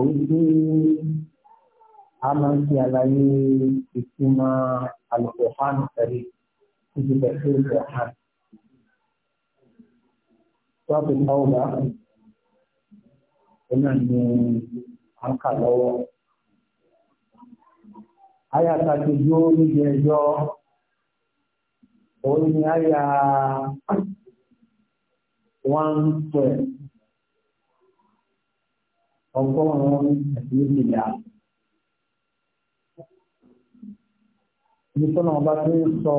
èyí tí a máa ń ṣe àlàyé ìtumọ̀ Al-Qur'an tẹ̀lé títí pẹ̀lú Al-Qur'an. Sọ́ọ̀tù Tọ́wọ́bà ó náà ní à ń kà lọ́wọ́. Àyà kàtòjú níbi ẹjọ́ òun ni àyà one twelve ọgọ́rùn-ún àti méjìlá. Ibi tọ́nà ọba ti ń sọ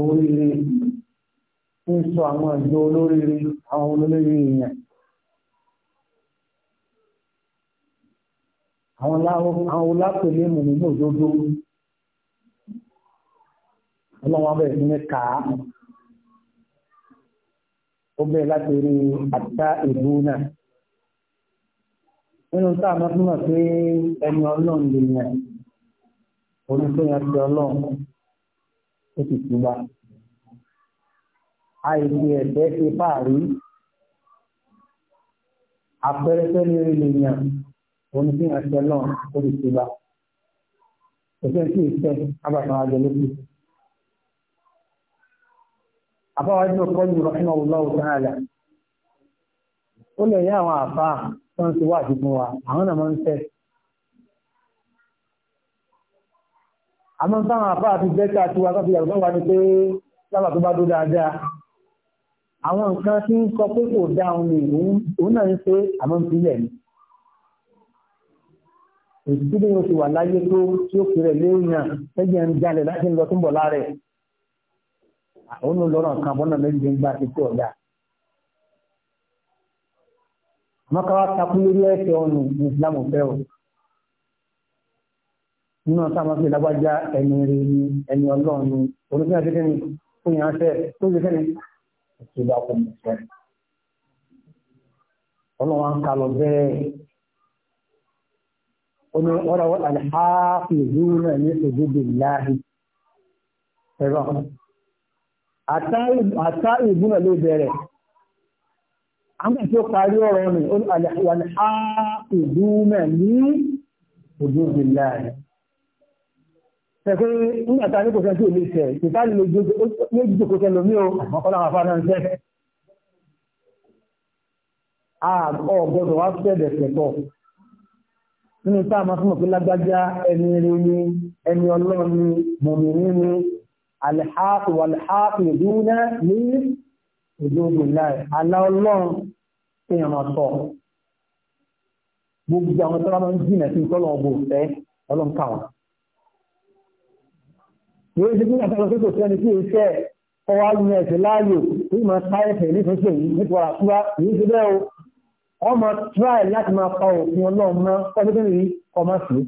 oríire, ti ń sọ àwọn ìjọ olóríire, àwọn olóríire èèyàn. Àwọn olápèlé mù nínú òdodo. Ọlọ́run abẹ́rẹ́ sí ní kàá. Ó bẹ̀rẹ̀ láti rí àtà ìlú náà nínú tá a máa túmọ̀ pé ẹni ọlọ́run lè yàn olùsọ́yàn ti ọlọ́run ó sì ti wá àìsí ẹ̀fẹ́ ti fàárí àpẹẹrẹ tẹ́lẹ̀ orí lè yàn olùsọ́yàn ti ọlọ́run ó sì ti wá òṣèlú sí ìfẹ́ abàtàn àjọ lókè. àbáwájú ọkọ̀ yìí rọ̀ fún ọ̀wọ́ lọ́wọ́ sáà ó lè yá àwọn àfáà tó ń ti wá àdúgbò wa àwọn náà máa ń fẹ́. àmọ́ táwọn àpá àti bẹ́ẹ̀kà tí wá káfíyà lọ́wọ́ ni pé lábà tó bá dó dáadáa àwọn nǹkan tí ń sọ pé kò dá òun ni òun náà ń pé àmọ́ ń filẹ̀ ni èsì bí mo ti wà láyé tó tí ó kéré léèyàn lẹ́yìn ń jalè láti lọ tó láàrẹ̀ àwọn olùlọ́rọ̀ kan bọ́nà méjì ń gbà títí ọ̀dà wọn ká wá takú lórí ẹsẹ̀ ọnù ní islam fẹ o nínú sáwọn fi lágbájá ẹni rí ni ẹni Ọlọ́run ni oríṣi àti kẹni tó yàn án fẹ tó ṣe kẹni ètò ìgbà kò mọ fẹ Ọlọ́run á ń kalọ bẹ́ẹ̀ oní ọ̀rọ̀ alhaafi ìdúró ní ìdúgbò láàrin ẹ̀rọ àtà ìbúnà ló bẹ̀rẹ̀ àwọn tí ó parí ọ̀rọ̀ ni wàlá ìdúmẹ̀ ní òjòjì láàrin ṣẹ̀kọ́ nígbàtà ní kò fẹ́ tí ò lè ṣẹ̀ ìtà lè jòkó tẹ́lò mí o ọkọ́lá àfá náà ṣẹ́ ọgbọ́dọ̀ wá fẹ́ẹ̀dẹ̀ ṣẹ̀tọ̀ nínú tá a máa fún ìlóògùn láì alá ọlọ́run ṣe ìrànṣọ gbogbo àwọn tó bá máa ń jìnà sí ìtọ́lọ̀ ọgbọ̀n fẹ́ ọlọ́run káwọn. Ìwé ìṣẹ́jú náà sọ pé kò sẹ́ni tí iṣẹ́ ọwọ́ alùmọ̀ ẹ̀sẹ̀ láàyò tí mọ̀ sáyẹ̀fẹ̀ nífẹ̀ẹ́sẹ̀ yìí nípa àtúrà yìí ṣe bẹ́ẹ̀ o. Wọ́n máa tíráì láti máa pa òfin ọlọ́run mọ́ pẹ́lúkẹ́ rí ọmọ sí.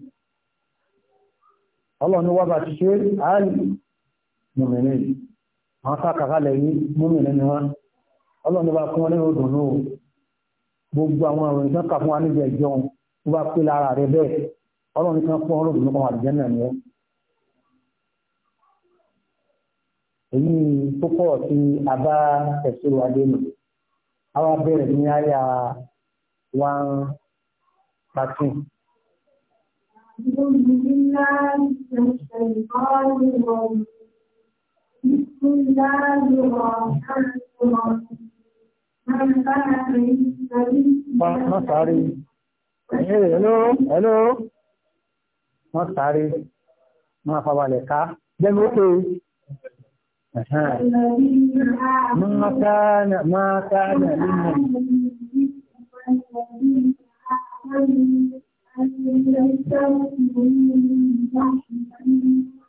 Ọlọ́run wá bá ti ṣe àálì mùmìnir. Àwọn sáà kàkálẹ̀ yìí mùmìnir ni wọ́n ọlọ́run ló bá fún ọ nínú ìdùnnú o gbogbo àwọn àrùn ìtàn kà fún wa níbi ẹ̀jọ́ wọn tó bá pé lára rẹ bẹ́ẹ̀ ọlọ́run kan fún ọlọ́run lọ́kàn àdìjẹ́ náà ni ẹ́. èyí tó pọ̀ sí abá ẹ̀sùn adé nù àwa bẹ̀rẹ̀ ní àyà one thirteen. بسم الله wọ́n sáré ẹ̀yìn rẹ̀ hello hello wọ́n sáré wọ́n àfàbàlẹ̀ ká jẹ́mi ó pé máa káànà máa káànà nínú Thank you.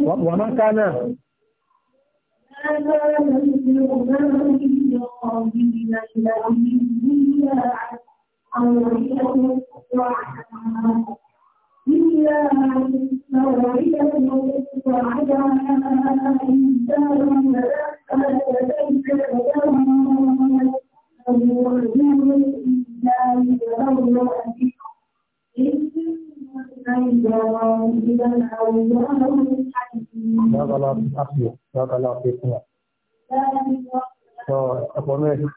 ومن كان يقوم بنا إلى الدنيا أولية وعدم إلا موعدة وعدم إنسان فليس تدمر ويعلم الإنسان يرون به لا غلط أخي لا غلط يقنع ذلك sọ ọ̀pọ̀ mẹ́rin.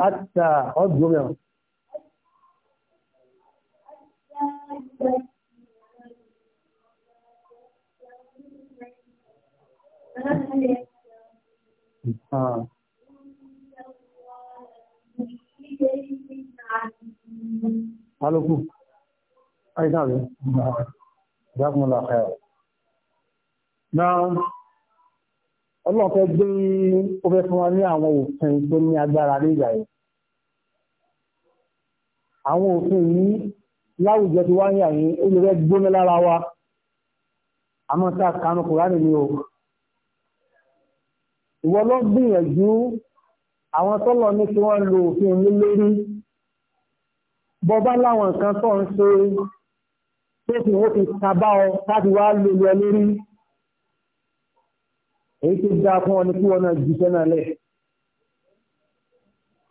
Hatta, ọdún हाँ हेलो ऐसा भी जगमला है ना ọlọ́pẹ́ gbé ó fẹ́ fún wa ní àwọn òfin tó ní agbára ní ìgbà yìí àwọn òfin yìí láwùjọ tí wá ń yà yìí ó lè rẹ́ gbóná lára wa àmọ́ tá a kanú kùránì ní o ìwọ lọ gbìyànjú àwọn tọ́lọ ní kí wọ́n lo òfin ní lórí bọ́bá láwọn nǹkan tó ń ṣe tó fi tabá ọ láti wá lò lọ lórí èyí tó dáa fún ọ ní kí wọ́n náà jíṣẹ́ náà lẹ̀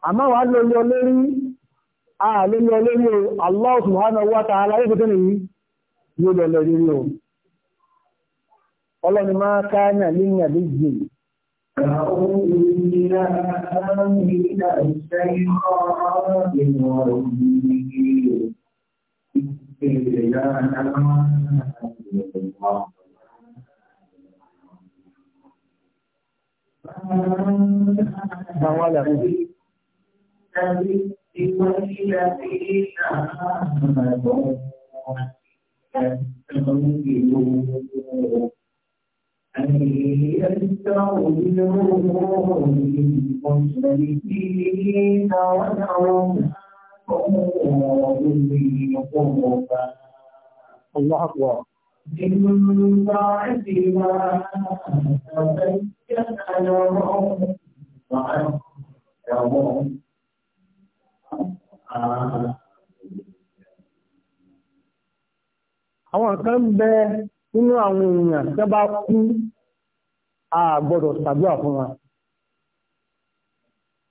àmọ́ lò lọ lórí lọ lórí o Allah wa yóò lọ lórí o ọlọ́ni máa ká أعوذ بالله من الشيطان الرجيم الذين آمنوا أن يستغفروا للمشركين ولو الله أكبر من بعد ما تبين لهم وعدهم àwọn kan bẹ́ẹ̀ nínú àwọn èèyàn tó bá kú a gbọ́dọ̀ ṣàdúrà fún wa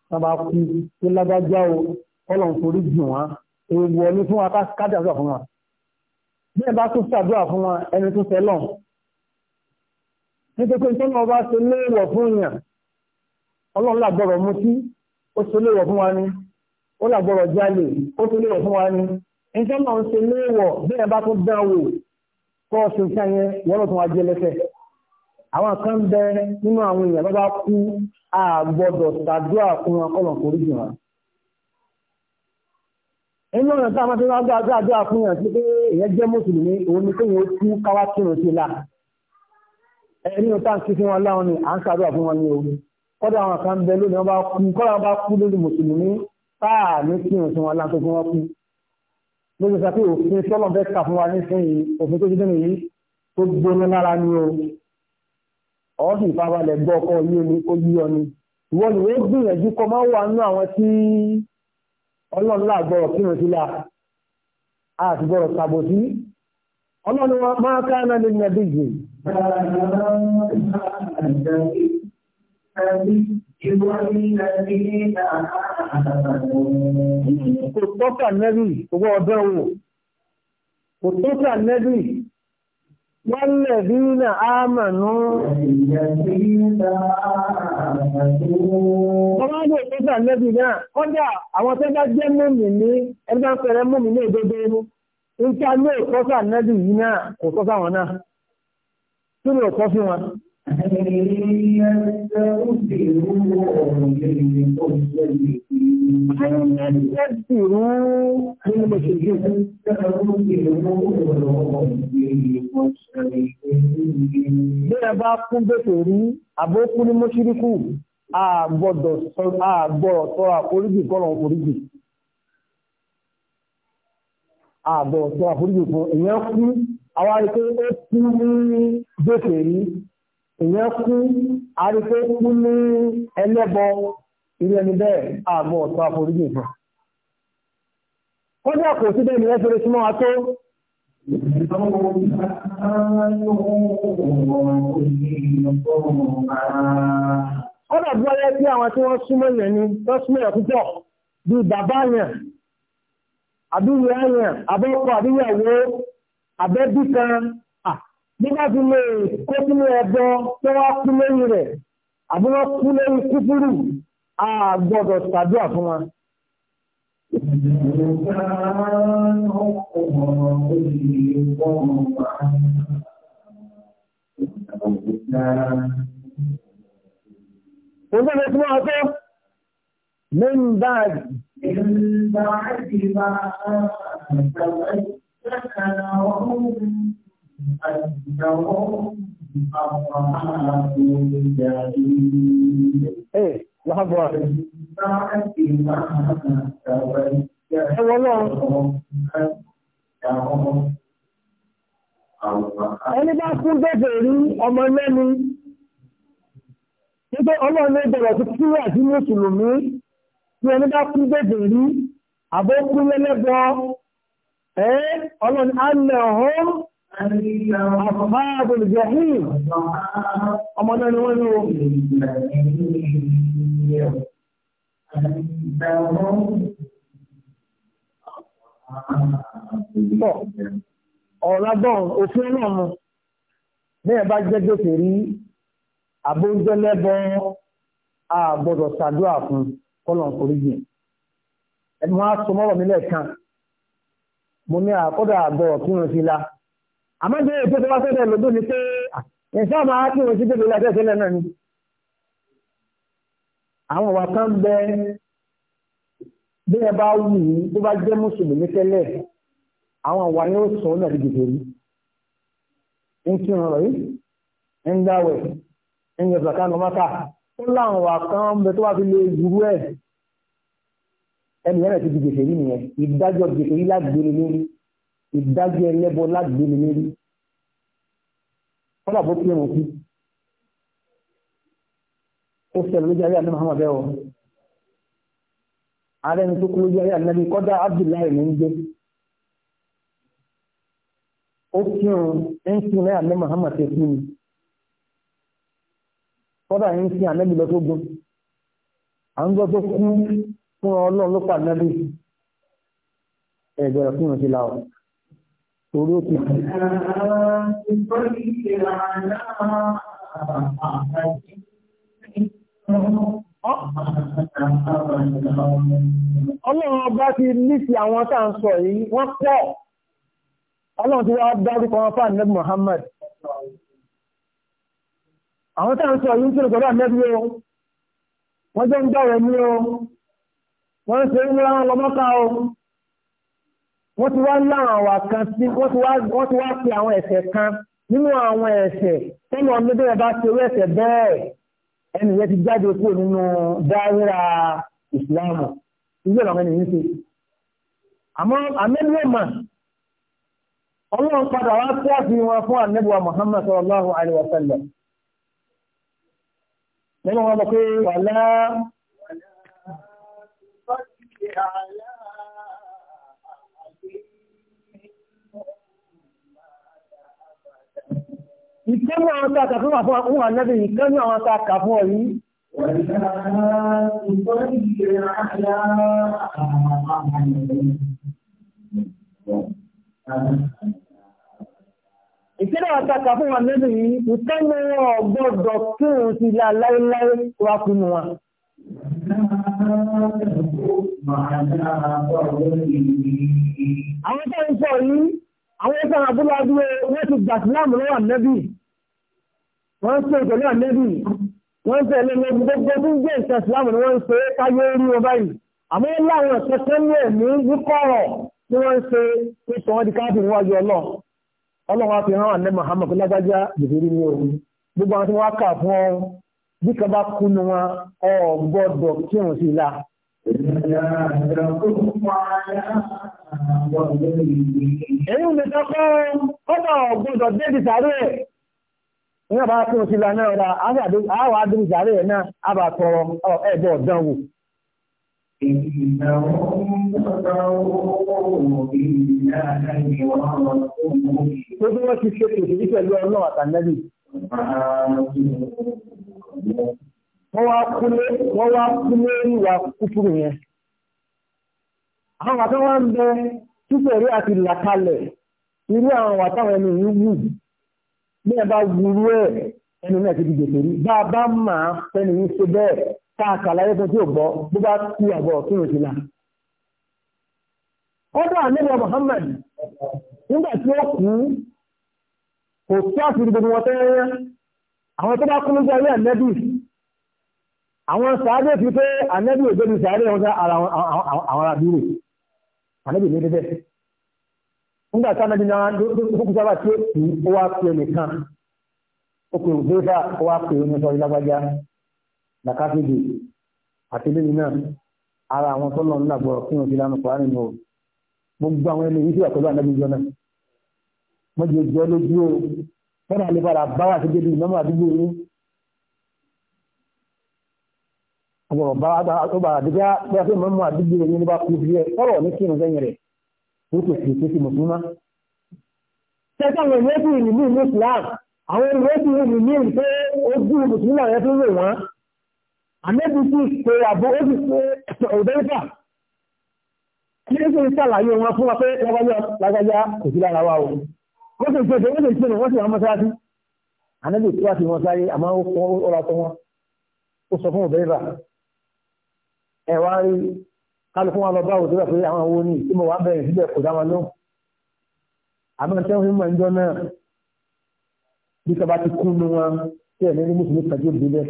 tó bá kú tó lágbájá o kọ́lọ̀ ń forí jù wọ́n ewu ọní fún wa kájàdúrà fún wa bí ẹ bá tún ṣàdúrà fún wa ẹni tó fẹ́ lọ́n nítorí pé nítorí ọba ṣe léèwọ̀ fún èèyàn ọlọ́run làgbọ́rọ̀ mutí ó ṣe léèwọ̀ ni ó làgbọ́rọ̀ jalè fún wa ni nítorí ọ̀hún ṣe léèwọ̀ bí ẹ bá tún dán fọ́ọ̀sì nǹkan yẹn wọ́n lọ́tún wá jẹ́ lẹ́sẹ̀ àwọn kan bẹ nínú àwọn èèyàn bábá kú àgbọ̀dọ̀ ṣàdúrà fún wọn kọ́lọ̀ kò rí jù wọn inú ọ̀nà tá a máa fi máa gbá àdúrà fún yàn sí pé èèyàn jẹ́ mùsùlùmí òun ni pé yóò tú káwá kírun sí la ẹni ò táǹkì fún wọn láwọn ni à ń ṣàdúrà fún wọn ní o kọ́dọ̀ àwọn kan bẹ lónìí wọn bá kú lórí mùsùlùmí táà ní kírun sí wọn láǹtó fún wọn kú ló ti sọ pé òfin sọ́lọ̀ fẹ́ kà fún wa nísìnyí òfin tó ti dẹ́nu yìí tó gbóná lára ni o ọ̀ sì farabalẹ̀ gbọ́ ọkọ yìí ni ó yí ọ ni ìwọ ni wọ́n gbìyànjú kọ́ máa wà nínú àwọn tí ọlọ́run láàgbọ́rọ̀ kí wọ́n ti là á sì gbọ́rọ̀ tàbò sí ọlọ́run máa ká náà lè nà díje. Ìwọ́n ni àti ní àárá. Kò tọ́ka nẹ́bì owó ọdọ́ wò. Kò tọ́ka nẹ́bì wọ́n lè bí nà ámànú. Wọ́n máa ń lè tọ́ka nẹ́bì náà. Kọ́dà àwọn tẹ́gbà jẹ́ mọ́mì ní ẹgbẹ́ fẹ́rẹ́ mọ́mì ní òdodo inú. Nǹkan lè tọ́ka nẹ́bì Bí ẹ bá kún bèèrè rí, àbó kún ní mọ́ṣíríkù, àgbọ̀dọ̀ tọrọ àforíjì kọ́rọ̀ àforíjì. Àgbọ̀ tọrọ àforíjì fún èèyàn kú, àwọn àríkẹ́ ó kún ní bèèrè rí, ìyẹn kú ní ẹlẹ́bọ ilé ẹni bẹ́ẹ̀ ààbọ̀ ọ̀tọ́ àforíjì fún. kọ́dá kò sí bẹ́ẹ̀ ni wọ́n fẹ́rẹ́ súnmọ́ wa tó. bí wọ́n yẹ àwọn tí wọ́n súnmọ́ yẹn ni súnmọ́ púpọ̀ bíi bàbá yẹn àbí yẹn àbí àbẹ́bí kan nígbà tí lè kó sínú ẹbọ tó wá kú lẹ́yìn rẹ̀ àbí wọ́n kú lẹ́yìn kúkúrú a gbọ́dọ̀ ṣàdúrà fún wa. Òun tó lè fún wa tó ní ń bá a. Ee, láàbọ̀ rẹ̀. Ẹ wọ́n lọ́rùn. Ẹni bá kún bẹ́bẹ̀ rí ọmọ lẹ́nu. Nígbé ọlọ́run ẹgbẹ̀rẹ̀ ti kí àti Mùsùlùmí tí ẹni bá kún bẹ́bẹ̀ rí àbókún lẹ́lẹ́gbọ́. Ẹ́ ọlọ́run á nà ọ́ Àfáàbùn Jahim, ọmọ náà ni wọ́n ní o. Tọ́, ọ̀lágbọ́n òfin náà mú, bẹ́ẹ̀ bá jẹ́ gbèsè rí, àbóúnjẹ́ lẹ́bọ́ àgbọ̀dọ̀ ṣàdúrà fún kọ́lọ̀ oríjì. Ẹni wọ́n á so mọ́rọ̀ mi lẹ́ẹ̀kan, mo ní àkọ́dà àgbọ̀rọ̀ kí wọ́n fi la àmọ́ jẹ́ ètò tó bá sẹ́dẹ̀ lọ́dún ni pé ẹ̀sán máa kí wọ́n sí gbèdé láti ẹ̀sẹ̀ náà ni. àwọn ọ̀wà kan bẹ bí ẹ bá wù ú tó bá jẹ́ mùsùlùmí tẹ́lẹ̀ àwọn ọ̀wà ni ó sọ náà dìde rí. ń kí wọn rẹ̀ ń dáwẹ̀ ń yẹ zaka nù mọ́ta ó láwọn ọ̀wà kan bẹ tó bá fi lè dúró ẹ̀ ẹnìyẹn ti dìde rí nìyẹn ìdájọ́ dìde rí láti lórí ìdájọ́ ẹlẹ́bọ lágbè mi lérí kọ́lá bó kí ẹ̀wọ̀n kú ó ṣẹlẹ̀ lójú ayé àdúrà Muhammad ẹ̀wọ̀ ààrẹ ni tó kú lójú ayé ànábi kọ́dá Abdullahi ní ń gbé ó kí ọ̀run ń kí ní àná Muhammad ṣe kú ni kọ́dá ń kí lọ tó gun à ń gbọ́ tó kú fún Ọlọ́run ló pa ànábi fún ìrìnsí láwọn torí ó Ọlọ́run ọba ti lífi àwọn tá ń sọ yìí wọ́n pọ̀. Ọlọ́run ti wá dárúkọ wọn fáà nẹ́bí Muhammad. Àwọn tá ń sọ yìí ń kílò pẹ̀lú àmẹ́bí o. Wọ́n jẹ́ ń dọ̀rẹ̀ ní o. Wọ́n ń ṣe ń lọ́mọ́ká o wọ́n ti wá láwọn àwà kan tí wọ́n ti wá pe àwọn ẹ̀ṣẹ̀ kan nínú àwọn ẹ̀ṣẹ̀ tẹ́lẹ̀ ọmọdé bá ti orí ẹ̀ṣẹ̀ bẹ́ẹ̀ ẹni yẹn ti jáde kúrò nínú dáríra ìsìláàmù ilé ọ̀rọ̀ ẹni yìí ṣe. àmọ́ àmẹ́lẹ́ mà ọlọ́run padà wá sí àfihàn fún ànẹ́bùwà Muhammad sallallahu alaihi wa sallam. lẹ́yìn wọn bọ̀ pé wàlá. ìkẹ́lú àwọn tá a kà fún àwọn ohun ànábì ìkẹ́lú àwọn tá a kà fún ọ̀yí. Ìkẹ́lú àwọn tá a kà fún àwọn ànábì yìí, ìkẹ́lú wọn gbọ́dọ̀ kí òun ti la láíláí wá fún wọn. Àwọn tó ń sọ yìí, Abubakar Abúládúwé wọ́n ti gbà síláàmù lọ́wọ́ ànẹ́bì. Wọ́n ṣe ìtẹ̀lé ànẹ́bì. Wọ́n ṣe ẹlẹ́lẹ́ gbogbo tí ń gbé ìṣẹ́ síláàmù ni wọ́n ṣe káyé rí wọn báyìí. Àmọ́ láwọn ẹ̀kọ́ tó ní ẹ̀mí wíkọ̀rọ̀ tí wọ́n ṣe pé sọ wọ́n di káàpì níwájú ọlọ́. Ọlọ́run á fi hàn ànẹ́ Muhammad lágbájá bèbèrè ní òru. Gbogbo àwọn tí wọ́n kà fún ọ bí kan bá kúnu wọn ọ gbọ́dọ̀ kírun sí i la. Ìjọba ìjọba kò fún wa Èyí lè sọ pé kọ́nà ọ̀gbọ́dọ̀ débi sàárè ẹ̀. Ní ọba tí mo ti la náà ra, àwọn adébí sàárè ẹ̀ náà, a tọrọ ẹ̀bọ̀ ọ̀dán wò. Gbogbo wọn àwọn wàtá wá ń bẹ túbẹ̀rí àti làkalẹ̀ irú àwọn wàtá àwọn ẹni yìí wù bí ẹ bá wúrú ẹ ẹni náà ti di gbèsè rí bá a bá máa fẹni yìí ṣe bẹ́ẹ̀ tá láyé fún tí ò gbọ́ bó bá kú àbọ̀ kí ló ti la. ọdún àlejò Muhammad nígbà tí ó kú kò sí àfihàn gbogbo wọn tẹ́yẹ́ àwọn tó bá kú lójú ayé ànẹ́bì àwọn sàádé fi pé ànẹ́bì òjò sàádé wọn sá ara àwọn àbúrò ànábì ní bẹ́ẹ̀ nígbà tí ànábì náà fókùsá bá tí ó kì í ó wá pé nìkan ó pè ògbé bá ó wá pè ní sọrí lágbájá làkàfíbi àti lẹ́yìn náà ara àwọn tó lọ nígbàgbọ́ fún òfin lánàá kọ́ nínú o gbogbo àwọn ẹni yìí sì wà pẹ̀lú ànábì jọ náà wọ́n jẹ́ lójú o fẹ́ràn àlebára báwà sí débi ìnáwó àdúgbò yìí ọgbọ̀rọ̀ bá àgbà àdìgbà bí a fẹ́ mọ́ mú àdìgbò rẹ̀ ní bá kú bí ẹ sọ̀rọ̀ ní kí n sẹ́yìn rẹ̀ ó kò sì kó sí mùsùlùmá. tẹ́tà àwọn ìrẹ́sì ìlú ní ìlú islam àwọn ìrẹ́sì ìlú ní ìlú pé ojú mùsùlùmá rẹ̀ tó rò wọ́n. àmẹ́bí sì pé àbò ó sì pé ọ̀dẹ́fà. kí ló ń ṣàlàyé wọn fún wa pé lágbájá lágbájá kò sí lára wa o. wọ́n sì ṣe wọ́n sì ṣe wọ́n sì wọ́n mọ́sáàtì. àmẹ́bí tó wá sí wọn sáré àmọ́ ó sọ fún ọ̀dẹ́fà ẹ wá rí kálukú wọn lọ bá òtún rẹ̀ pé àwọn owó ní tí mo wá bẹ̀rẹ̀ síbẹ̀ kò dáwọn lóhùn àmọ́ tí wọ́n fi mọ̀ níjọ́ náà bí kaba ti kú ní wọn tí ẹ̀mí ní mùsùlùmí kàdé ìbílẹ̀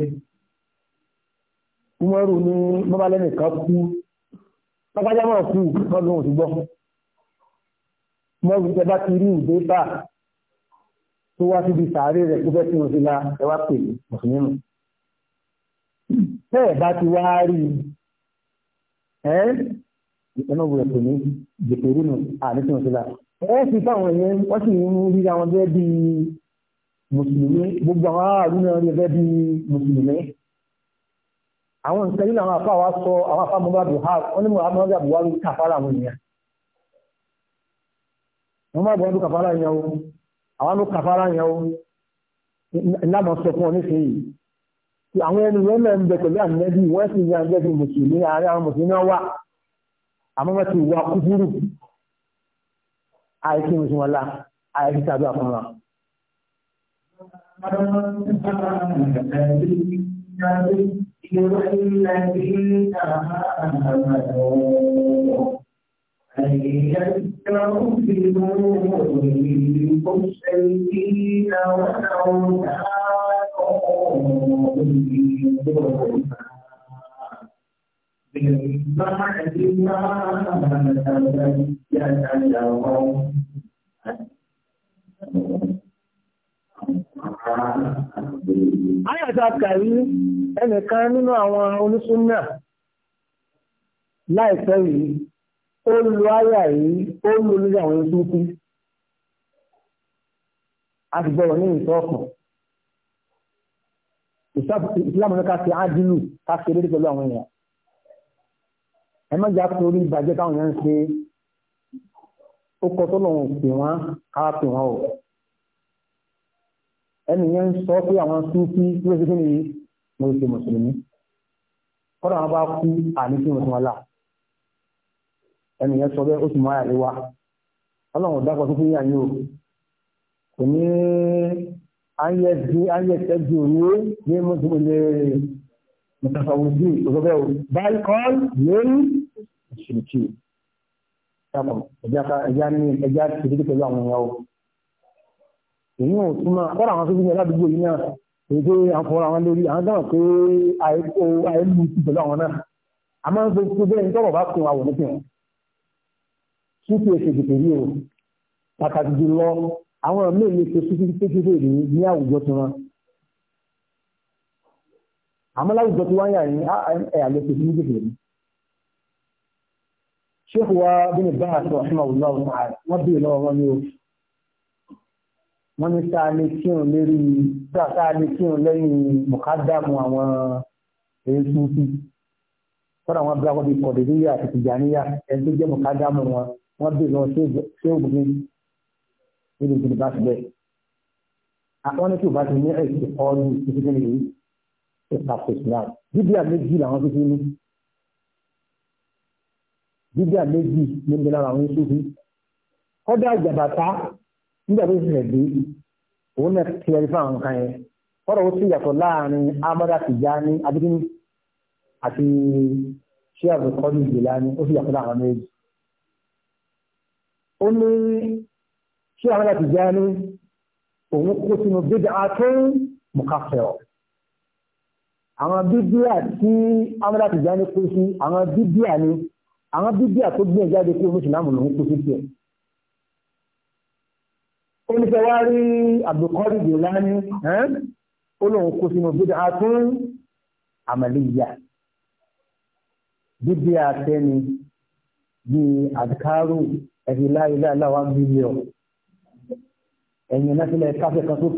umaru ní mọ́bálẹ́nì kan kú pápájá máa kú lọ́dún òsì gbọ́ mọ́rù tẹ́bá ti rí ìdé bá tó wá síbi sàárè rẹ̀ tó fẹ́ tí mo fi la ẹwà pè mùsùlùmí nù bá ti wá rí i ẹ́ ẹ̀nà òwúrọ̀ pè ní jẹ̀pẹ̀rú nù àdéhùn sílá ẹ́ sì fáwọn èèyàn wọ́n sì ń ríra wọn bẹ́ẹ̀ bí mùsùlùmí gbogbo àwọn aráàlú náà rí bẹ́ẹ̀ bí mùsùlùmí àwọn nǹkan nínú àwọn afá wa sọ àwọn afá Muhammad Buhari wọn ní Muhammad Buhari kàfàrà àwọn èèyàn Muhammad Buhari kàfàrà yẹn o àwọn ló kàfàrà yẹn o ìlànà sọ fún ọ nífẹ̀ẹ́ yìí àwọn ènìyàn náà ń bẹ pẹ̀lú ànẹ́bí wọ́n sì yàn gẹ́gẹ́ mùsùlùmí ààrẹ àwọn mùsùlùmí náà wà àmọ́ wọ́n ti wà kúkúrú àìsí mùsùlùmí wọn la àìsí tàbí àfọ̀nà. أن يستغفروا للمسلمين ولو كانوا بعد Ayàta kàrí ẹnìkan nínú àwọn onísúnnà láìpẹ́ yìí, ó lò ayà yìí, ó lò lórí àwọn onísúnnà. A ti gbọ́rọ̀ ní ìtọ́kùn ìsìláàmù ní ká ṣe ádìlù ká ṣe dédé pẹ̀lú àwọn èèyàn ẹ má jà torí ìbàjẹ́ táwọn èèyàn ń ṣe ó kọ tó lòun pè wọ́n ká pè wọ́n o ẹni yẹn ń sọ pé àwọn súnfí ló ṣe kí ni mo ṣe mùsùlùmí kọ́dà wọn bá kú àní kí wọn tún ẹni yẹn sọ bẹ́ẹ̀ ó sì mú àyà lé wa ọlọ́run ò dákọ̀ tó fi yàn yín o kò ní an yattajiru ne mutasawwiji gobe bal qal lil shirki tamam ya ka ya ni ya ti bi ko lawon yawo èyí ò túmọ̀ kọ́ra àwọn tó bí yẹn ládùúgbò yìí náà èyí tó àfọwọ́ra wọn lórí àwọn dáhùn pé àìkó àìlú ti pẹ̀lú àwọn náà a máa ń fi tó bẹ́ẹ̀ tọ́rọ̀ bá kun àwòrán fi hàn sí ti èsì ìdìbò yìí o pàtàkì jùlọ àwọn míì lè ṣe síbi kékeré rí ní àwùjọ tí wọn àmọ́ láwùjọ tí wọ́n yà ní ẹ̀yà lè ṣe síbi kékeré rí Sheikh wa bin Baz rahimahullah wọ́n bí lọ́wọ́ wọn ní o wọ́n ní sáà ní kírun lérí sáà ní kírun lẹ́yìn mọ̀kádámù àwọn èéfù sí kọ́nà wọn bí wọn bí kọ̀dẹ̀dẹ́yà àti tìjàníyà ẹni tó jẹ́ mọ̀kádámù wọn wọ́n bí lọ sí òbí níbi ìdílé bá ti bẹ̀. àwọn ní kí o bá ti ní ẹ̀sìn ọ́ọ́nù títí ní ìlú ìta kòsìláà bíbí àméjì làwọn tó ti ní bíbí àméjì ní bí lára àwọn ìṣòfin kọ́dà ìjàbàtà nígbà tó ṣẹlẹ̀ dé òun náà kiri fún àwọn kan yẹn kọ́dà ó sì yàtọ̀ láàrin amada Tijani abidini àti ṣé àbùkọ́dù ìgbèlá ni ó sì yàtọ̀ láàrin méjì. ó ní ṣé àwọn láti jẹ́ ní òun kó sínú bídà tó ń mùkàfẹ́ọ̀ àwọn bíbíà tí àwọn láti jẹ́ ní kó sí àwọn bíbíà ni àwọn bíbíà tó gbé jáde kó mùsùlùmí lòun kó sí tiẹ̀ ó ní fẹ́ wá rí àbùkọ́rì jìlání ó lóun kó sínú bídà tó ń àmàlíyà bíbíà tẹ́ni bíi àdìkárò ẹ̀fìláìláìláwà mílíọ̀nù ẹ̀yìn náfílẹ̀ káfẹ́ kan sókè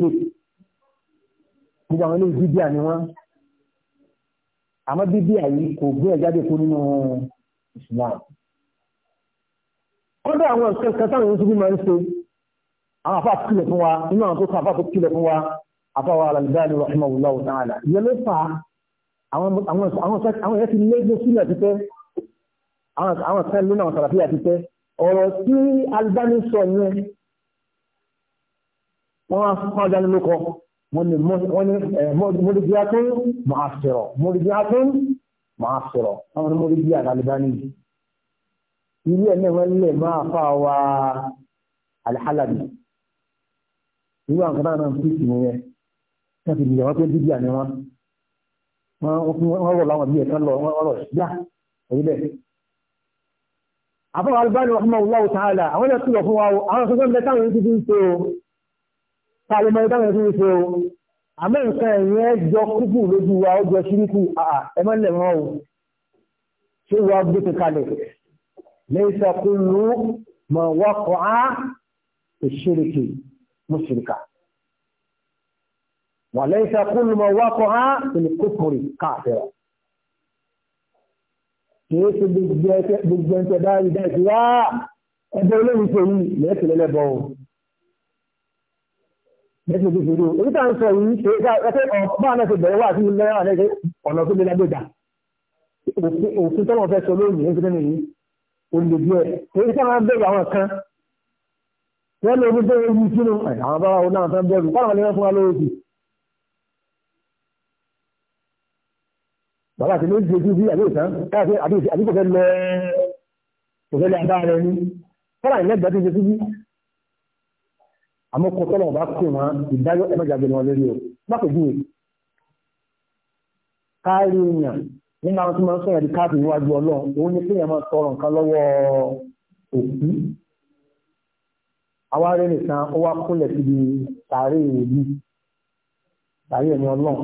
gbogbo àwọn ilé bíbíà ni wọ́n àmọ́ bíbíà yìí kò gbé ẹ̀ jáde fún nínú Islam kódà àwọn nǹkan kan táwọn oṣù máa ń ṣe àwọn afá kílẹ̀ fún wa nínú àwọn tó kọ afá tó kílẹ̀ fún wa afá wa Al-Albani rahimahullahu ta'ala ìyẹn ló fà àwọn ẹ̀yẹ́ ti lé ní sílẹ̀ títẹ́ àwọn kan lónà àwọn sàràfíà títẹ́ ọ̀rọ̀ tí Al-Albani sọ yẹn wọ́n wá fún ọjà nínú kọ wọ́n ní mọ́lìdíà tó máa sọ̀rọ̀ mọ́lìdíà tó máa sọ̀rọ̀ àwọn mọ́lìdíà Al-Albani irú ẹ̀ náà wọ́n lè máa fà wá Al-Halabi irú àwọn kan náà fi ìsìn yẹn wọ́n ti dìyà wọ́n pé dídíà ni wọ́n wọ́n rọ̀ láwọn bí ẹ̀ka lọ wọ́n rọ̀ yá èyí bẹ́ẹ̀. àfọwọ́ Al-Albani rahimahullahu ta'ala àwọn ẹ̀ tàbí mọ́ ìdáwọn ẹ̀sìn ìṣe o àmọ́ nǹkan ẹ̀yìn ẹ jọ kúkú lójú wa ó jọ ṣíríkù àà ẹ mọ́ lẹ̀ mọ́ o ṣé wàá gbé ti kalẹ̀ lẹ́yìn sọkúlù mọ̀ wọ́kọ̀ á ìṣirìkì mùsùlùkà wà lẹ́yìn sọkúlù mọ̀ wọ́kọ̀ á ìlúkùkùrì káàfẹ́ra kìí ṣe gbogbo ẹ̀ńtẹ̀ bá rí dáìsí wá ẹgbẹ́ olóhùn ṣe yìí lẹ́ẹ̀kì lẹ́lẹ́bọ̀ọ́ lẹ́sìn orí tá ń sọ yìí ṣe é káàkiri ọ̀pá náà ṣe bẹ̀rẹ̀ wà sí ilé náà lẹ́sẹ̀ ọ̀nà tó lé lágbègbà òfin tó fẹ́ sọ lónìí ní ìpínlẹ̀ yìí ó lè díẹ̀ èyí tí wọ́n bẹ̀rù àwọn kan wọ́n lè ní bẹ́ẹ̀ yìí sínú àwọn bá wọn náà fẹ́ bẹ̀rù báwọn ni wọ́n fún wa lórí ti. bàbá àti méjì ojú bí àbí ìtàn káàkiri àmọ́ kó tọ́lọ̀ bá kó wọn ìdájọ́ ẹ̀mẹ́jàgbé wọn lórí o lápèjúwe káàrí èèyàn nínú àwọn tó máa sọ̀rọ̀ di káàdì níwájú ọlọ́run òun ni kéèyàn máa tọrọ nǹkan lọ́wọ́ òkú àwa rẹ̀ nìkan ó wá kúnlẹ̀ síbi tààrí ìwòyí tààrí ẹ̀mí ọlọ́run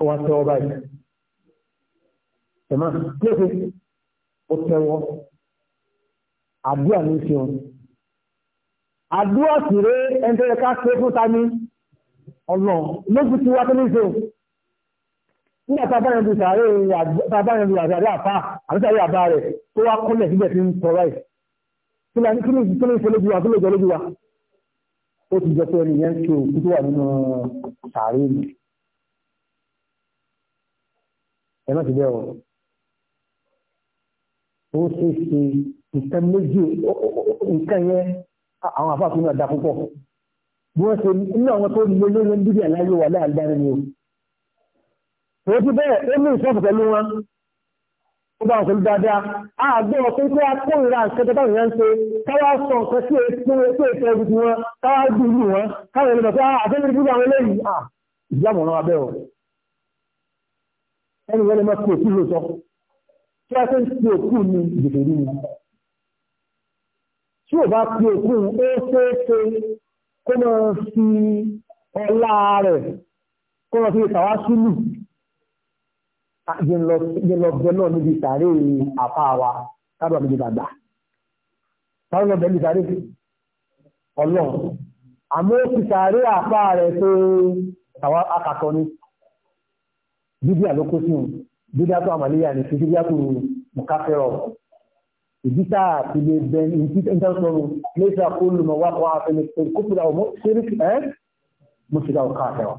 ó wá tẹ́wọ́ báyìí tẹ̀mọ́ léèfé ó tẹ́wọ́ àdúrà ní í ṣeun àdúrà sì ré ẹni tó yẹ ká ṣe fún ta ní ọ̀nà lójú ti wá tó ní ṣe nígbà tá a bá yẹn lu sàárè tá a bá yẹn lu àdúrà àfà àti sàárè àbá rẹ̀ tó wá kúnlẹ̀ síbẹ̀ tí ń tọrọ ẹ̀ kí ni kí ni kí ni ṣe lójú wa kí ló jọ lójú wa ó ti jọ pé ẹni yẹn ṣe òkú tó wà nínú sàárè mi ẹ má ti bẹ́ẹ̀ o ó ṣe ṣe nǹkan méjì nǹkan yẹn àwọn àfáà tún náà da púpọ̀ bí wọ́n ṣe inú àwọn tó lé lórí ń bíbí àláyé wà láàdáni ni o tó ti bẹ́ẹ̀ ó ní ìṣọ́ọ̀fù pẹ̀lú wọn ó bá wọn pẹ̀lú dáadáa a gbé wọn pé kí a kó ìra nǹkan tó báwọn yẹn ń ṣe káwá sọ nǹkan sí ètò ètò ètò ẹbí ti wọn káwá bí ìlú wọn káwọn ènìyàn pé ah, àfẹ́lẹ́ bí àwọn eléyìí à ìjábọ̀ náà abẹ́ o ẹni wọlé mọ́ kí òkú lóòótọ́ kí a tó ń ṣe òkú ní ìdìbò tí ò bá pí òkun ó ṣeéṣe kó mọ́ fi ọlá rẹ̀ kó mọ́ fi tàwá sílù jẹ́lọ́bẹ̀ náà níbi tàrí àpá wa tábà níbi dàgbà táwọn lọ́bẹ̀ níbi tàrí ọlọ́run àmọ́ ó fi tàrí àpá rẹ̀ pé àwọn akàtọ̀ ni bíbí àlókòsí bíbí àtọ̀ àmàlẹ́yà ni bíbí àtọ̀ mùkáfẹ́rọ̀ ìdíta àti lè bẹ ní ti ń tẹ́sán lẹ́sà kó lù mọ̀ wákọ̀ àfẹnẹ kó fi àwọn ṣeré ẹ́ mo ṣe dáwọ́ káàkiri wa.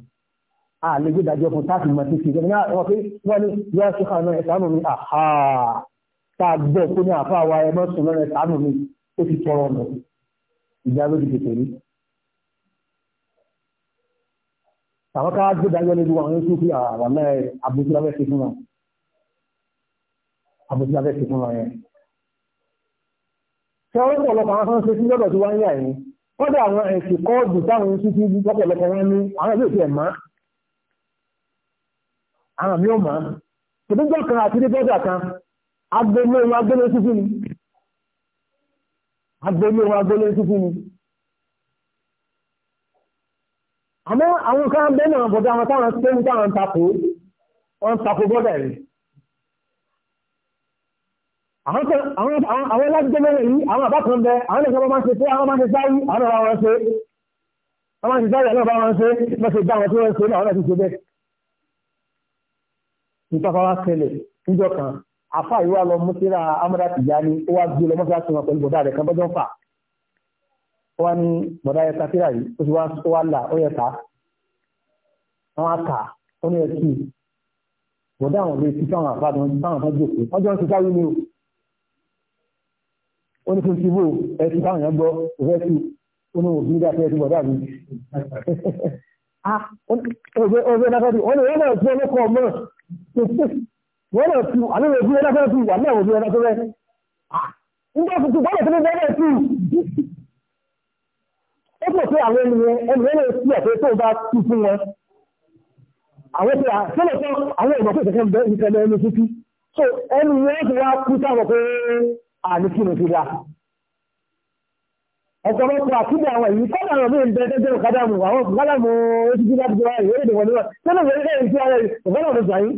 a lè gbé ìdájọ́ fún táàkì mọ̀ sí ṣe ní àwọn pé wọ́n ní yọ ṣe kàn náà ẹ̀sánù mi àhà tá a gbọ́ pé ní àfa àwa ẹ̀mọ́ sùn lọ́nà ẹ̀sánù mi ó ti tọrọ ọ̀nà ìjà ló ti tètè rí. àwọn ká gbé ìdájọ́ lórí wọn yóò tún àwọn àbúrò abẹ́ sẹ́wọ́n pọ̀lọpọ̀ àwọn sọ́nà sí lọ́dọ̀ tí wọ́n ń yà yìí wọ́n dà àwọn ẹ̀sìn kọ́ọ̀dù táwọn sí sí lọ́pọ̀lọpọ̀ wọn ní àwọn ilé ìfẹ́ mọ́ àwọn mi ò mọ́ tòbíjọ́ kan àti ní bọ́dà kan agbélé wọn agbélé sí fún mi agbélé wọn agbélé sí fún mi àmọ́ àwọn kan bẹ́ẹ̀ náà bọ̀dọ̀ àwọn táwọn sí táwọn takò wọ́n takò bọ́dà yìí àwọn alájẹ́gbẹ̀rẹ̀ yìí àwọn àbákan bẹ àwọn ìjọba máa ń ṣe pé àwọn máa ń ṣe sáyí àwọn ọ̀rọ̀ wọn ṣe àwọn ìjọba ìjọba bá wọn ṣe mẹ́sẹ̀ bá wọn tí wọ́n ṣe náà wọ́n ti ṣe bẹ́ẹ̀. nítorí wọn ṣẹlẹ̀ níjọ kan afa yìí wà lọ mú síra amúdá ni ó wá ó ní fífi bò ẹtì táwọn èèyàn gbọ́ òfẹ́ tù ó ní òbí nígbà tẹ́ ẹ ti bọ̀ dàbí. ọ̀gbẹ́ náfẹ́ tù wọ́n ní wọ́n náà tún ọlọ́kọ̀ mọ́ wọ́n náà tù àbí òbí náfẹ́ tù wà náà òbí náfẹ́ rẹ̀. nígbà tuntun bọ́ọ̀lù tó ní bẹ́ẹ̀ tù. ó pọ̀ pé àwọn ènìyàn ènìyàn náà sí ẹ̀fẹ́ tó bá tù fún wọn. àwọn ti àtẹ́lẹ̀ tán àwọn ìmọ̀ àníkínú ti dá. ọ̀pọ̀lọpọ̀ àkídẹ̀ àwọn èyí kọ́nà àwọn mìíràn bẹ́ẹ̀ tẹ́jẹ́ ìkádàmù àwọn ìkádàmù oṣù tí láti jọra ìwé ìdìbò níwọ̀n tẹ́lẹ̀ ìwé ìdìbò tí ara ìgbọ́nà ọ̀dọ̀ sàyí.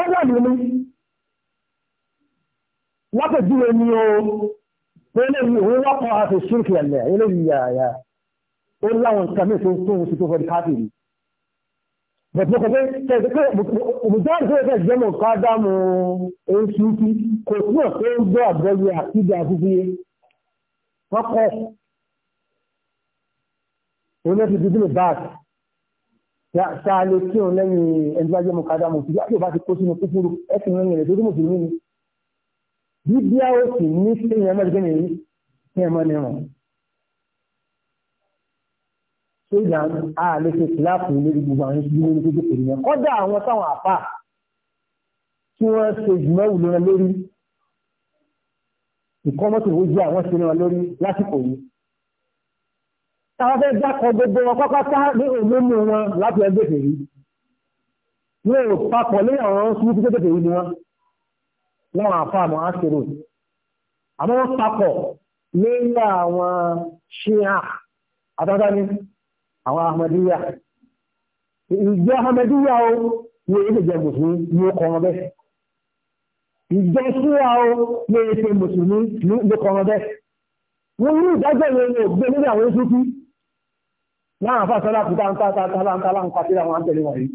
ẹ̀nà lápẹ̀júwe ni o pé eléyìí òun wọ́pọ̀ àti ṣírkì ẹ̀lẹ̀ eléyìí yàyà ó láwọn nǹkan mí tó tó oṣù tó fẹ́ káàkiri bẹ̀tẹ̀ kò pé kẹ̀kẹ́ pé òmùdáàrí tó fẹ́ jẹ́ mọ̀ ká dámú ohun ṣúkí kò túnà pé ó gbọ́ àgbẹ̀yẹ àti ìgbà àfúfúyé wọ́n kọ́ òun lẹ́fi dúdú ní báàkì ṣáà lè kí òun lẹ́yìn ẹni bá jẹ́ mọ̀ ká dámú ṣùgbọ́n àti ti kó sínú kúkúrú ẹ̀sìn lẹ́yìn tó dúmọ̀ sí nínú bíbí àwọn sì ní sí ìyẹn mọ́ ìgbẹ́ nìyí ní ẹ̀mọ́ ní wọn. ṣé ìgbà a lè ṣe síláàpù lórí gbogbo àwọn ìṣubú lórí gbogbo pẹ̀lú yẹn kọ́dà àwọn táwọn àpá tí wọ́n ṣe ìgbìmọ̀ wù lọ́nà lórí ìkọ́mọ́tò wo jẹ́ àwọn ṣe lọ́nà lórí lásìkò yìí. táwọn fẹ́ dákọ̀ gbogbo wọn pápátá ní òmùmù wọn láti ẹgbẹ́ fèrè. wọn ò papọ̀ lé àwọn ṣubú láwọn àfáàmù áṣírò àmọ́ wọ́n papọ̀ lórí àwọn ṣíà àtọ́tọ́ni àwọn ahmadiyya ìjọ ahmadiyya o ní èdè jẹ mùsùlùmí ní ó kọ̀ọ̀rọ̀ bẹ́ẹ̀ ìjọ ṣíà o ní èdè mùsùlùmí ní ó kọ̀ọ̀rọ̀ bẹ́ẹ̀ wọ́n ní ìdájọ́ ìwé ògbé nílé àwọn oṣùkú láwọn àfáà sọ́lá kúta ń tàtà tàlàǹtàlà ń pàtẹ́lẹ̀ àwọn àǹtẹ̀lẹ̀ wọ̀nyí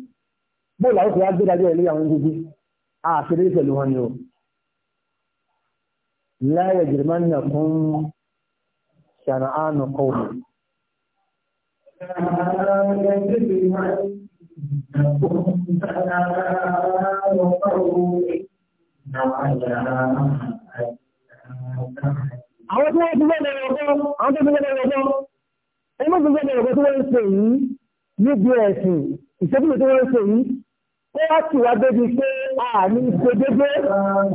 bóòlù àwọn òṣèlú agbẹ́dájọ́ ìlú àwọn oṣùkú àṣírí pẹ̀lú wọn ni o لا يجرمنكم shana'anu qawmin Àwọn tí wọ́n ti gbọ́nà ọ̀gọ́, àwọn tó ti gbọ́nà ọ̀gọ́, ẹmọ́ ti gbọ́nà ọ̀gọ́ tí wọ́n ń ṣe yìí níbi ẹ̀sìn, ìṣẹ́bùn tí wọ́n ń ṣe yìí, ó wá ti wá débi pé àmì ìṣẹ́gbẹ́gbẹ́. Wọ́n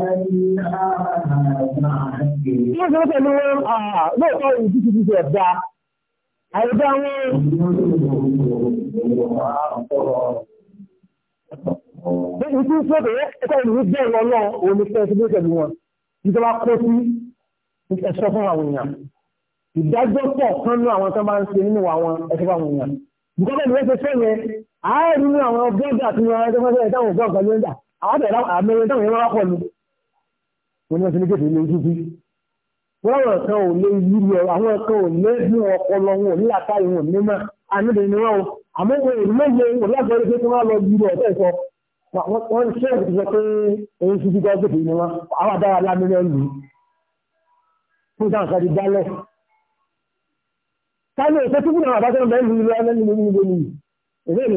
ṣe pẹ̀lú wọn lóòótọ́ ìdí ti ti ẹ̀dá. Àìdá wọn. Bẹ́ẹ̀ni tí ó ṣe bẹ̀rẹ̀ ẹ̀kọ́ ìlú bẹ́ẹ̀ lọ́lọ́ òun ni fẹ́ ṣe pẹ̀lú wọn. Ìjọba kó sí ẹ̀ṣọ́ fún àwọn èèyàn. Ìdájọ́ pọ̀ kan ní àwọn tó bá ń ṣe nínú àwọn ẹ̀ṣọ́ fún àwọn èèyàn. Bùkọ́bẹ̀ ni wọ́n ṣe fẹ́ yẹn, àárín àwọn bọ́ọ̀dà tí wọ́n rẹ́ àwọn àbẹ̀rẹ̀ wọ́n ṣe é pé èyí ti fi gbọ́dọ̀ ní wọn àwọn àdára lámìlẹ̀ lù fún sáǹkà ti dálẹ̀ táwọn èso tí kúrò àwọn àbájọ́ mẹ́rin ìlú ẹlẹ́ni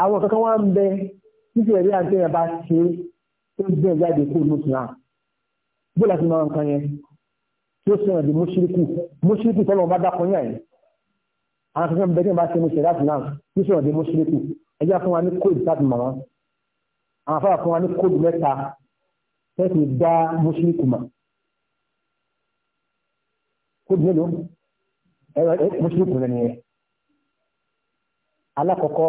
àwọn kankan wá ń bẹ títí ẹ̀rí àti ẹ̀yà bá ṣe tó jẹ́ ìjáde kó lóṣù náà bó láti máa nǹkan yẹn tí ó sọ̀rọ̀ di mọ́ṣíríkù mọ́ṣíríkù tọ́lọ́ bá dákọ̀ yẹn àwọn kankan bẹ tí wọ́n bá ṣe mọ́ṣíríkù láti náà tí ó sọ̀rọ̀ di mọ́ṣíríkù ẹjá fún wa ní kóòdù láti mọ̀ wọn àwọn afárá fún wa ní kóòdù mẹ́ta tẹ́sí dá mọ́ṣíríkù mọ̀ kóòdù mélòó mọ́ṣíríkù rẹ̀ nìyẹn alákọ̀ọ́kọ́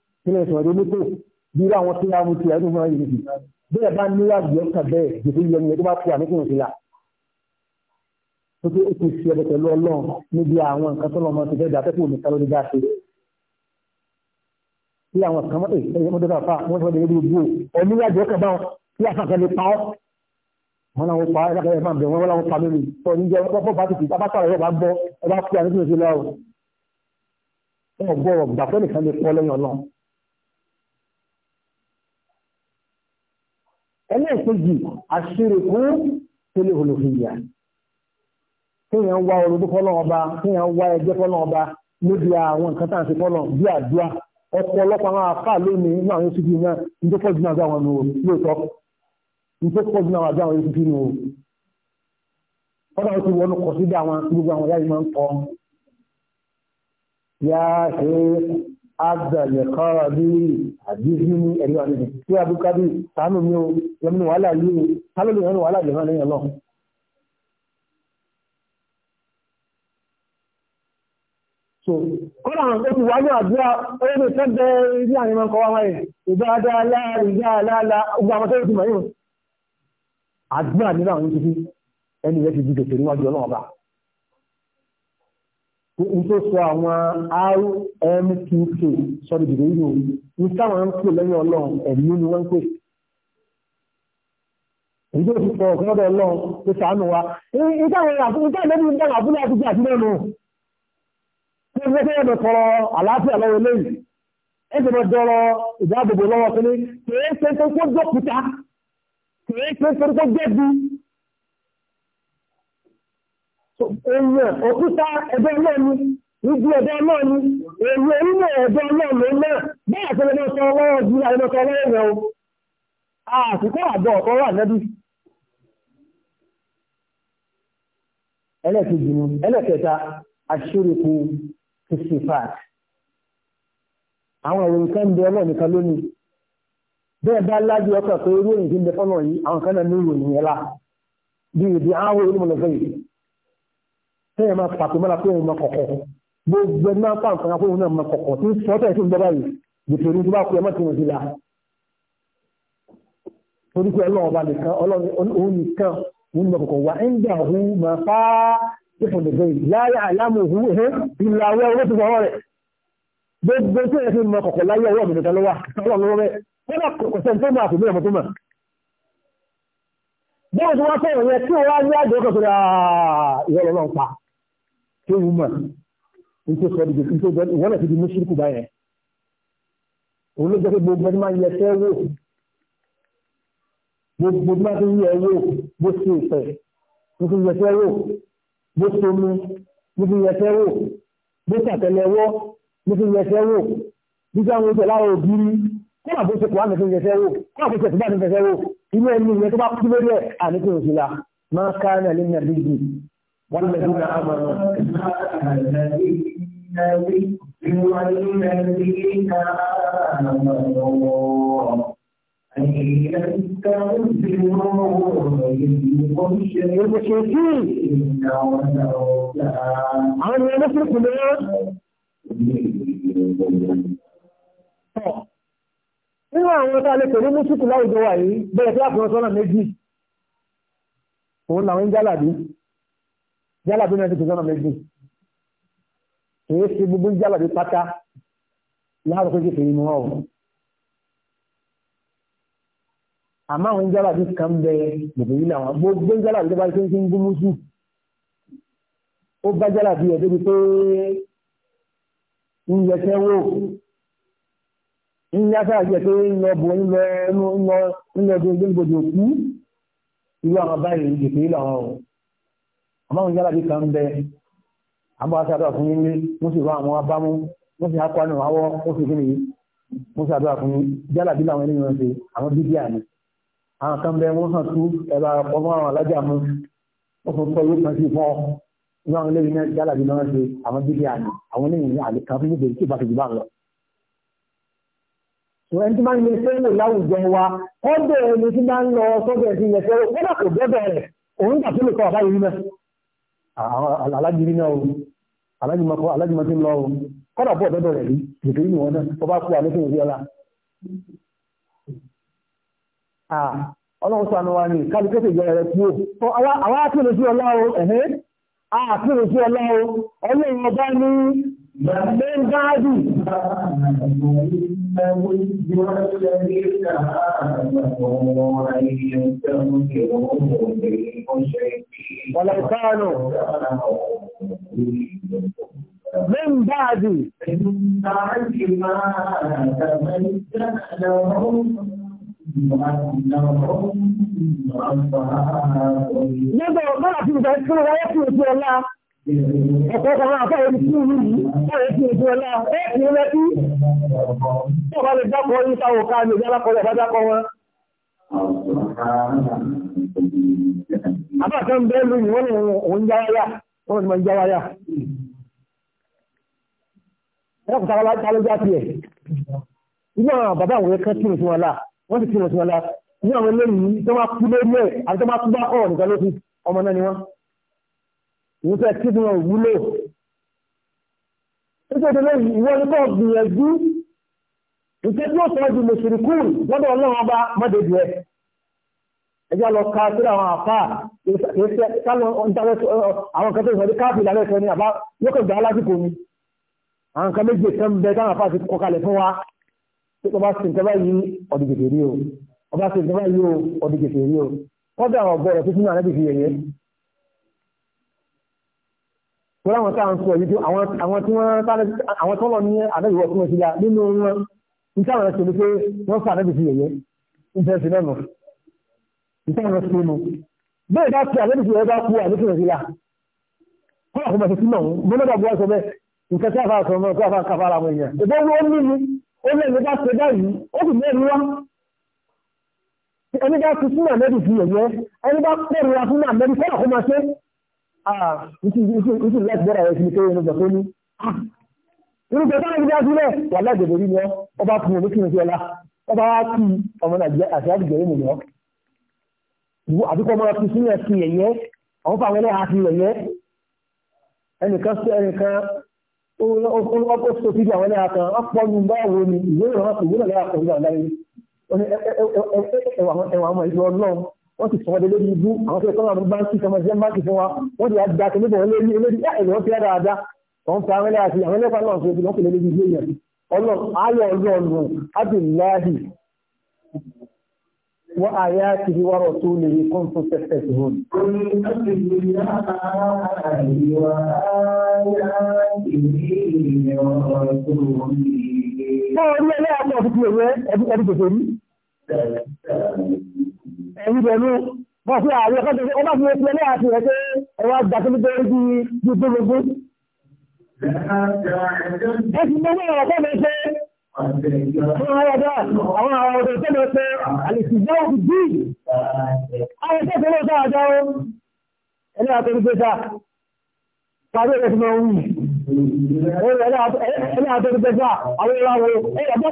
kílẹ̀ ìṣòro ló tó bí irú àwọn tí wọ́n mú tiẹ̀ ẹ̀dùn fún ẹ̀yìn nìyí bẹ́ẹ̀ bá níwájú ọ̀kà bẹ́ẹ̀ jùlọ yẹn ni tó bá fún àníkùn ìṣìlá tó tó ó ti ṣe ẹ̀dẹ̀ pẹ̀lú ọlọ́run níbi àwọn nǹkan tó lọ́mọ ti fẹ́ẹ́ dàtẹ́kù mi kálọ́ nígbà ṣe bí àwọn kan mọ́tò ẹ̀yẹ́ mọ́tò bàbá wọ́n fẹ́ẹ́ dẹ̀ lórí bú ọ níwájú ọ̀kà bá wọn kí àfàkẹ́ lè pa ọ́ wọn làwọn pa ẹ lákàtà ẹ máa bẹ̀ wọ́n láwọn pa lórí tó níjẹ́ ọ̀pọ̀ bá ti fi bá ẹ bá gbọ́ ẹ bá fún àníkùn ìṣìlá ọ̀ gbọ́ ọ̀gbà fẹ́nìkan lè pọ́ lẹ́yìn ọlọ́run ẹlẹ́ẹ̀kejì àṣírìkún tẹ́lẹ̀ olùfìyà kéèyàn wá orúkọ fọlọ́wọ́n ọba kéèyàn wá ẹgbẹ́ fọlọ́wọ́n ọba níbi àwọn nǹkan tá à ń ṣe fọlọ́ bí àdúrà ọ̀pọ̀lọpọ̀ àwọn afá lónìí nínú àwọn oṣù bíi náà nítorí pọ̀jù náà dáwọn nù lóòótọ́ nítorí pọ̀jù náà dáwọn oṣù bíi nù o fọlọ́wọ́n ti wọnú kọ̀ síbi àwọn gbogbo àwọn yáyí máa ń kọ́ yá ṣe é azàlẹ̀kọ́rọ̀ ní àdíjú ní ẹ̀rí wà nínú tí a búká bí sàánù mi ò yẹmínú wàhálà yìí ni sálọ́lù yẹmínú wàhálà yìí hàn lẹ́yìn ọlọ́run. so kọ́nà àwọn tó ti wá ní àdúrà ọ̀rẹ́ mi fẹ́ bẹ ilé àwọn ẹ̀mọ́ kọ́wá wáyé ìgbà dáadáa ìgbà aláàlá gbogbo àwọn tó ti mọ̀ yìí àdúrà nínú àwọn tó ti ẹni rẹ̀ ti di kèké níwájú ọlọ́run n tó sọ àwọn rmtk sọ́dọ̀ dìde yìí o ní táwọn ń pè lẹ́yìn ọlọ́run ẹ̀mí ni wọ́n ń pè èyí tó ti sọ ọ̀kan lọ́dọ̀ ọlọ́run tó sàánù wa ìta ìlẹ́bí ń dára fún láti jẹ́ àti lẹ́nu tó ń gbé ẹ̀dọ̀ tọrọ àlàáfíà lọ́wọ́ eléyìí ẹ̀sẹ̀ lọ dọrọ ìdáàbòbò lọ́wọ́ kínní kìí ṣe tó kó dókítà kìí ṣe tó kó jẹ́bi èèyàn òkúta ẹgbẹ́ náà ni níbi ẹ̀dọ́ náà ni èèyàn nínú ẹ̀dọ́ náà ló náà bẹ́ẹ̀ tó lọ́dọ́ sọ ọlọ́wọ́ ju àìmọ́sọ ọlọ́wọ́ yẹn o àsìkò àbọ̀ ọ̀kan wà lẹ́bí ẹlẹ́kejì ni ẹlẹ́kẹta àṣírìkù fífífàt àwọn ìròyìn kan bẹ ọlọ́ọ̀ nìkan lónìí bẹ́ẹ̀ bá lájú ọkọ̀ pé irú ìròyìn tí ń bẹ fọ́nà yìí àwọn kan náà ní ìròyìn yẹn lá bí ìdí àwọn olùmọ̀lọ́fẹ́ yìí kéèyàn máa pàtó mọ́ra pé òun máa kọ̀kọ̀ gbogbo ẹni máa ń pàǹkan náà pé òun náà máa kọ̀kọ̀ tí sọ́tẹ̀ tó ń gbọ́ báyìí gbèsè orí tó bá kú ẹ má ti wọ́n la torí pé ọlọ́run ọba nìkan òun nìkan òun máa kọ̀kọ̀ wá ń gbà hu máa fá ìfọ̀dẹ̀gbẹ̀ láyé àlámù hu ẹ̀hẹ́ ìlàwọ̀ owó ti fọwọ́ rẹ̀ gbogbo tí ẹ̀ fi máa kọ̀kọ̀ láyé ọwọ́ mi nìkan lọ́wọ́ bọ́ọ̀sì wá sọ̀rọ̀ yẹn tí wọ́n á ní àjọ kọ̀kọ̀ rẹ̀ ìwọ́lọ́lọ́ pa tó wù mà ní tó sọ dìgbò tó bẹ wọn àti di mùsùlùkù báyẹn òun ló jẹ́ pé gbogbo ẹni máa yẹ fẹ́ wò gbogbo ẹni máa fi yẹ wò bó ṣe ìfẹ́ bó fi yẹ fẹ́ wò bó ṣe omi bó fi yẹ fẹ́ wò bó ṣàtẹlẹwọ́ bó fi yẹ fẹ́ wò bí sáwọn oṣù láwọn òbí rí kó àbó ṣe kùwà nìkan yẹsẹ wò kó àbó ṣe kùwà nìkan yẹsẹ wò inú ẹni yẹn tó bá kú lórí ẹ àníkè òṣìlá máa ká ní àlẹ́ ní àdéjì والذين آمنوا والذين آمنوا المشركين عن نفس البلاد nínú àwọn ọ̀tá alẹ́ pẹ̀lú mọ́sùkù láwùjọ wà yìí bẹ̀rẹ̀ tí àkùnrin sọ́nà méjì òun làwọn ń jálàbí yálà tó mẹ́rin tòṣọ́nà méjì kìí ṣe gbogbo yálà bí pátá láàrọ̀ kéjì fèrè mọ́ ọ̀ àmọ́ àwọn yálà bí kan bẹ gbogbo yìí làwọn gbogbo yálà bí bá ṣe ń gún mùsù ó bá yálà bí ẹ̀dẹ́bi pé ń yẹsẹ́ wò ń yásá jẹ pé ń lọ bò ń lọ ẹnu ń lọ ń lọ gbogbo òkú irú àwọn báyìí ìgbèkè làwọn ọ̀hún àmọ́ ìyára bí kan bẹ àbúrásádọ́ fún yí ní wọ́n sì rán àwọn abámú wọ́n sì hápánù àwọ́ wọ́n sì gínì wọ́n sì àdúrà fún yí jálà bí láwọn ènìyàn ṣe àwọn bíbí àní àwọn kan bẹ wọ́n hàn tú ẹ̀rọ ọmọ àwọn alájà mú wọ́n fún tọ́ yóò kan kan fún bèbè tí ìbáṣe jù bá ń lọ. ẹni tí máa ń lè sẹ́yìn láwùjọ wa ọ̀dọ̀ ẹni tí máa ń lọ sọ́dọ̀ ẹ̀sìn yẹn alágbèrè náà o alágbèrè tí ń lọ o kọ́dà bọ́ ọ̀dọ́dọ̀ rẹ̀ rí kìkìrí ni wọ́n náà tó bá kú àlékún ìrí ọlá ọlọ́run sànú wa ní kálukẹ́sì ìjọ rẹ̀ kú o àwọn akérèsí ọlá o ẹ̀hẹ́ àkérèsí ọlá o ọlọ́run ọba ní من بعد والذين آمنوا أن يستغفروا للمشركين ولو كانوا من بعد من بعد ما تبين لهم أنهم أصحاب الجحيم. Ọ̀pọ̀ ọ̀pọ̀ àfẹ́ orí sí ìlú yìí, ọ̀rẹ́ sí ojú ọlá, ẹ́ẹ̀kì lẹ́kí, tó bá lè dápọ̀ orí sáwọ̀ ká ní ìjálápọ̀lẹ̀ bá dápọ̀ wọn. Àbákan bẹ́ẹ̀ lórí wọ́n ni òun jáwáyá, wọ́n ni mọ̀ jáwáyá. Ẹ̀kùn sára láti alójá tiẹ̀. Iná bàbá àwọn ẹ̀kẹ́ tí mo ti wọn lá, wọ́n ti tí mo ti wọn lá. Ní àwọn eléyìí tó máa kú lórí ẹ̀ àti tó máa kú bá kọ̀ nìkan ló fi ọmọ náà ni wọ́n ìwọ́n fẹ́ kí wọn wúlò nítorí lẹ́yìn ìwọ́n ní kọ́ gbìyànjú ìṣe tí ó sọ ju mùsùlùkù lọ́dọ̀ ọlọ́run ọba mọ́dẹ̀dù ẹ̀ ẹjọ́ lọ ka sí àwọn àfà ìṣe kálọ̀ àwọn kan tó sọ ní káàpì ìlànà ìṣẹ́ ni àbá yóò kọ̀ gbà lásìkò ni àwọn nǹkan méjì kan bẹ táwọn àfà ti kọ kalẹ̀ fún wa tí ọba sì ń tẹ́lá yìí ọ̀dìgẹ̀dẹ̀ rí o ọba sì ń tẹ́lá yìí ọ̀dìgẹ̀dẹ̀ rí o kọ́dà ọ̀gbọ́rọ̀ tuntun náà wọ́n láwọn táà ń sọ yìí àwọn tí wọ́n tọ́lọ ní àdẹ́gbẹ̀wọ̀ fún ọ̀sílá nínú wọn ní táwọn ẹ̀sẹ̀ ní pé wọ́n fà àdẹ́gbẹ̀ sí yẹ̀yẹ́ ìfẹ́ sí lẹ́nu ìtàwọn ẹ̀sẹ̀ nínú bẹ́ẹ̀ bá ti àdẹ́gbẹ̀ sí yẹ̀ bá kú àdẹ́gbẹ̀ sí ọ̀sílá kọ́ àkọ́mọ̀ sí náà mo a fà sọ mọ́ tó a fà káfà ara wọn yẹn ìbọn ló ní ni ó lẹ́nu bá ṣe báyìí ó sì mẹ́rin wá ẹni bá ti sún àmẹ́bì sí yẹ̀yẹ́ ẹni bá pẹ̀rù wa fún àmẹ́bì ìtì lẹ́tì bẹ́rẹ̀ rẹ̀ sí pé ẹnu bẹ̀ tó ní. Irúgbẹ́ sáré bí dájú rẹ̀ wà lágbègbè rí lọ, ọba fún omi kìí fi ọlá, ọba wá kí ọmọ Nàìjíríà àti àgbègbè mi lọ. Ìwọ àbíkọ́ ọmọ ọkùnrin sílẹ̀ sí ẹ̀yẹ́, àwọn fún àwọn ẹlẹ́hà sí ẹ̀yẹ́. Ẹnìkan sí ẹnìkan ó sọ sí àwọn ẹlẹ́hà kan, wọ́n pọ̀ ní báwo ni ìwé ìrọ̀lẹ́ àkọ́kọ́ ìwé ìrọ̀lẹ́ àkọ́kọ́ wọ́n ti sọ̀rọ̀ lórí ibú àwọn tó kọ́ àwọn báńkì tó máa ṣe báńkì fún wa wọ́n ti àgbà tó níbọ̀ lórí lórí ẹ̀rọ tí a dáadáa wọ́n ń fa àwọn ẹlẹ́yà sí àwọn ẹlẹ́fà náà tó ti lọ́kùnrin lórí ibú yẹn ọlọ́run ayọ̀ ọlọ́run adìláhì wọ́n àyà ti fi wárọ̀ tó lè rí kọ́ńtò tẹ̀sẹ̀ sí wọn. Bọ́ọ̀lù ẹlẹ́yà náà ti fi ẹ̀yẹ ẹbí tètè rí ẹ̀rú bẹ̀rù bọ́ fún ààrẹ ọkọ̀ tó bá fi ẹ̀kú ẹlẹ́ àti rẹ̀ pé ẹwà gbàtúmí tó rí ju gbogbo. ẹ ti mọ́ ọ̀rọ̀ kọ́ mi pé àwọn ọ̀dọ́ àwọn ọ̀dọ́ tó lọ pé àlèsì jẹ́ òkú bí àwọn tó tẹ́lẹ̀ ọ̀dọ́ àjọ ẹlẹ́ àtọ́rí pé sáà pàdé rẹ̀ ti máa wù ẹlẹ́ àtọ́rí pé sáà àwọn ìlàwọ̀ ẹ̀yà bọ́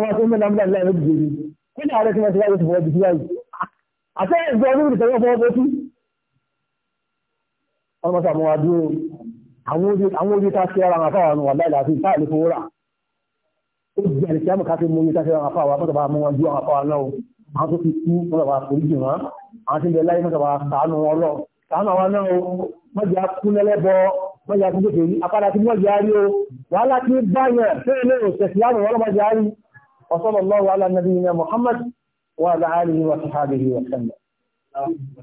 wọ́n tó mẹ́ta mẹ́ta láì lójú jèrè kí ni ààrẹ tí wọ́n ti wáyé ti fọwọ́ jù síwáyé àtẹ́ ẹ̀gbọ́n ní ìrìnsẹ̀ wọ́n fọwọ́ bọ́tú wọ́n mọ́ sàmúwà dúró àwọn orí ta ṣe ara àfáwà nù wà láì láti táàlì fowó rà ó di àlè kí á mọ̀ ká fi mú orí ta ṣe ara àfáwà mọ́tò bá mú wọn ju àwọn àfáwà náà àwọn tó ti kú mọ́tò bá forí jù wọn àwọn tí ń bẹ láyé mọ́tò bá sàánù wọn lọ sàánù àwọn náà o mọ́jà kú lẹ́lẹ́bọ mọ́jà kú kékeré apáda tí mọ́jà rí o wàhálà tí báyẹn tó ilé òṣèṣì láàrùn wọn lọ́mọdé á rí وصلى الله على نبينا محمد وعلى آله وصحبه وسلم